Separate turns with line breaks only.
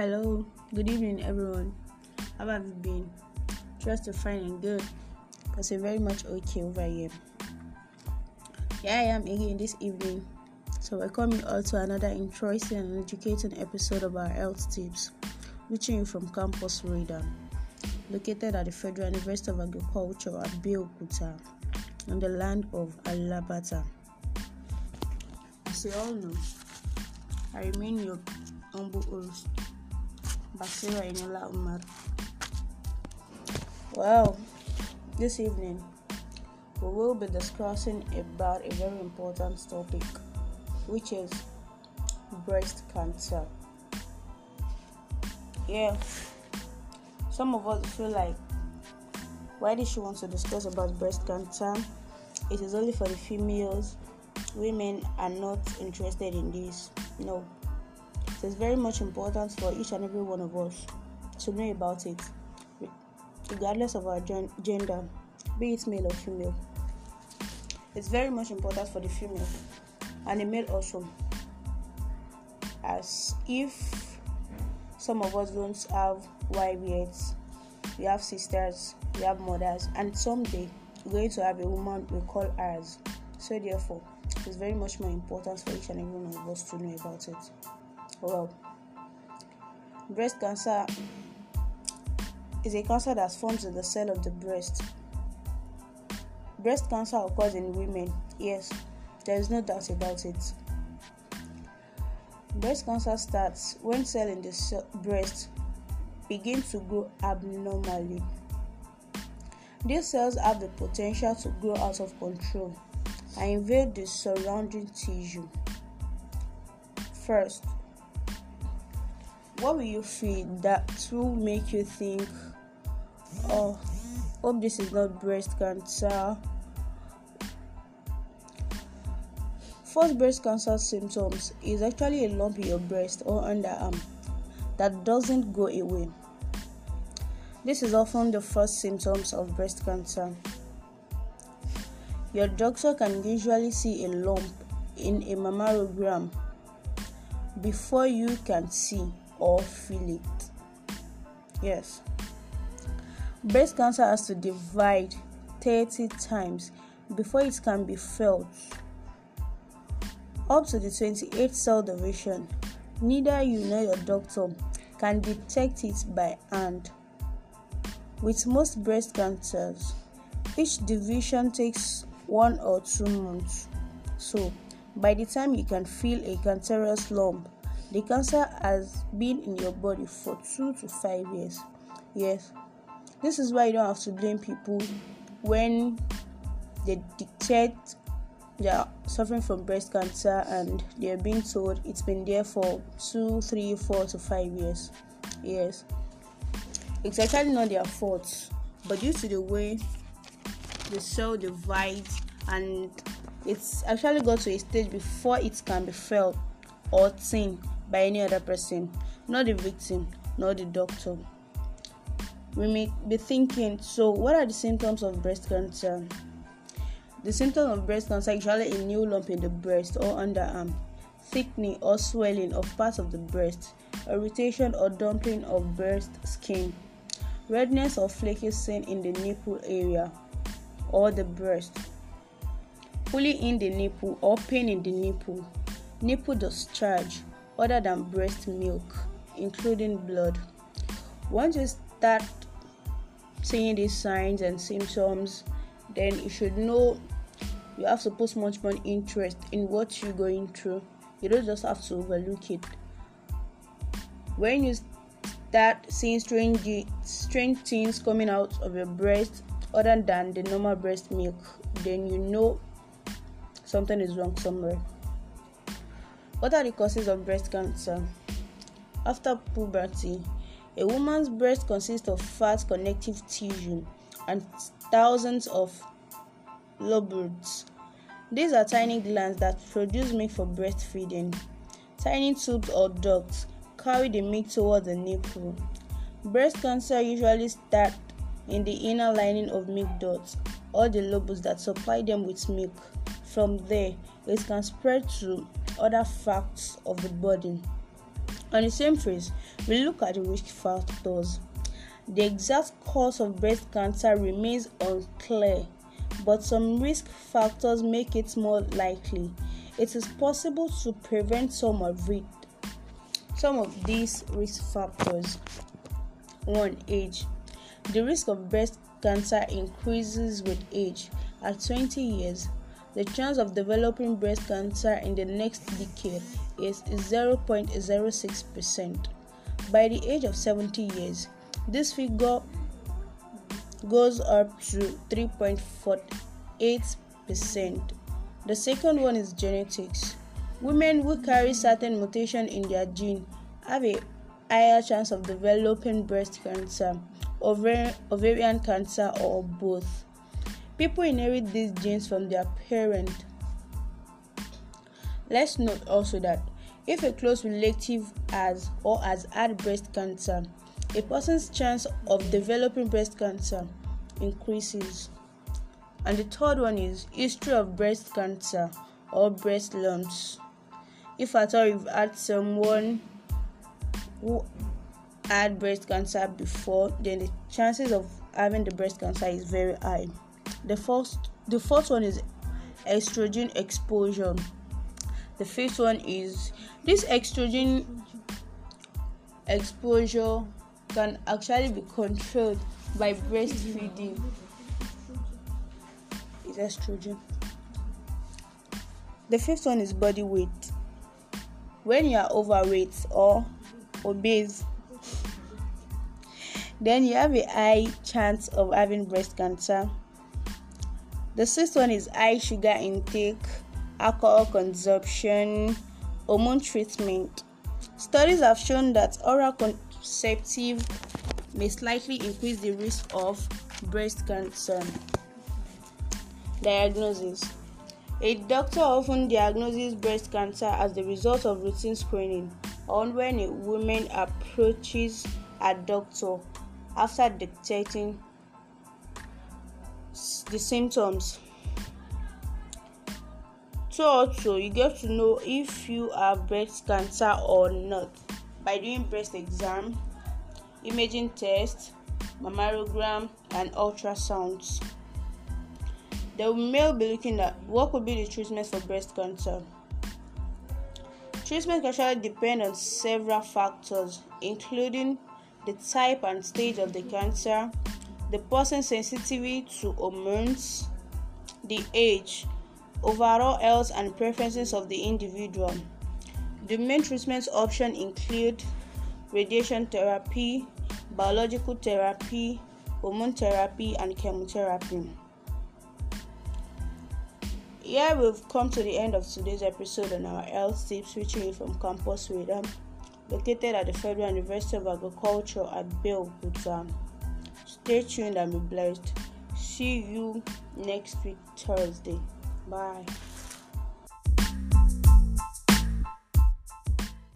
Hello, good evening, everyone. How have you been? Trust to fine and good. I say very much okay over here. Here I am again this evening. So welcome you all to another interesting and educating episode of our health tips, reaching you from Campus Radar, located at the Federal University of Agriculture at in on the land of Alabata. As you all know, I remain your humble host Umar. Well, this evening we will be discussing about a very important topic, which is breast cancer. Yeah, some of us feel like, why did she want to discuss about breast cancer? It is only for the females. Women are not interested in this. No, it is very much important for each and every one of us to know about it, regardless of our gender, be it male or female. It's very much important for the female and the male also, as if some of us don't have wives, yet. We have sisters, we have mothers, and someday we're going to have a woman we call ours. So, therefore, it's very much more important for each and every one of us to know about it. Well, Breast cancer is a cancer that forms in the cell of the breast. Breast cancer occurs in women, yes, there is no doubt about it. Breast cancer starts when cell in the cell breast begin to grow abnormally. These cells have the potential to grow out of control and invade the surrounding tissue. First, what will you feel that will make you think, oh, hope this is not breast cancer? First breast cancer symptoms is actually a lump in your breast or underarm that doesn't go away. This is often the first symptoms of breast cancer. Your doctor can usually see a lump in a mammogram before you can see or feel it. Yes. Breast cancer has to divide 30 times before it can be felt. Up to the 28th cell division, neither you nor your doctor can detect it by hand. With most breast cancers, each division takes one or two months. So, by the time you can feel a cancerous lump, the cancer has been in your body for two to five years. Yes, this is why you don't have to blame people when they detect they are suffering from breast cancer and they are being told it's been there for two, three, four to five years. Yes, it's actually not their fault, but due to the way the cell divides and it's actually got to a stage before it can be felt or seen by any other person, not the victim, not the doctor. We may be thinking, so what are the symptoms of breast cancer? The symptoms of breast cancer usually a new lump in the breast or underarm, thickening or swelling of parts of the breast, irritation or dumping of breast skin, redness or flaky seen in the nipple area or the breast, pulling in the nipple or pain in the nipple, nipple discharge, other than breast milk, including blood. Once you start seeing these signs and symptoms, then you should know you have to put much more interest in what you're going through. You don't just have to overlook it. When you start seeing strange, strange things coming out of your breast other than the normal breast milk, then you know something is wrong somewhere. What are the causes of breast cancer? After puberty, a woman's breast consists of fat connective tissue and thousands of lobules. These are tiny glands that produce milk for breastfeeding. Tiny tubes or ducts carry the milk toward the nipple. Breast cancer usually starts in the inner lining of milk ducts or the lobules that supply them with milk. From there, it can spread to other facts of the body. On the same phrase, we look at the risk factors. The exact cause of breast cancer remains unclear, but some risk factors make it more likely. It is possible to prevent some of it. Some of these risk factors. 1. Age. The risk of breast cancer increases with age. At 20 years, the chance of developing breast cancer in the next decade is 0.06%. By the age of 70 years, this figure goes up to 3.48%. The second one is genetics. Women who carry certain mutation in their gene have a higher chance of developing breast cancer, ovarian cancer, or both. People inherit these genes from their parent. Let's note also that if a close relative has or has had breast cancer, a person's chance of developing breast cancer increases. And the third one is history of breast cancer or breast lumps. If at all you've had someone who had breast cancer before, then the chances of having the breast cancer is very high. The first, the fourth one is estrogen exposure. The fifth one is this estrogen exposure can actually be controlled by breastfeeding. Is estrogen. The fifth one is body weight. When you are overweight or obese, then you have a high chance of having breast cancer. The sixth one is high sugar intake, alcohol consumption, hormone treatment. Studies have shown that oral contraceptive may slightly increase the risk of breast cancer. Diagnosis A doctor often diagnoses breast cancer as the result of routine screening or when a woman approaches a doctor after detecting the symptoms so also you get to know if you have breast cancer or not by doing breast exam imaging test mammogram and ultrasounds the male be looking at what could be the treatment for breast cancer treatment can actually depend on several factors including the type and stage of the cancer the person's sensitivity to hormones, the age, overall health and preferences of the individual. The main treatment options include radiation therapy, biological therapy, hormone therapy, and chemotherapy. Here we've come to the end of today's episode on our health tips, reaching you from Campus Sweden, located at the Federal University of Agriculture at Bill Butam. Stay tuned and be blessed. See you next week, Thursday. Bye.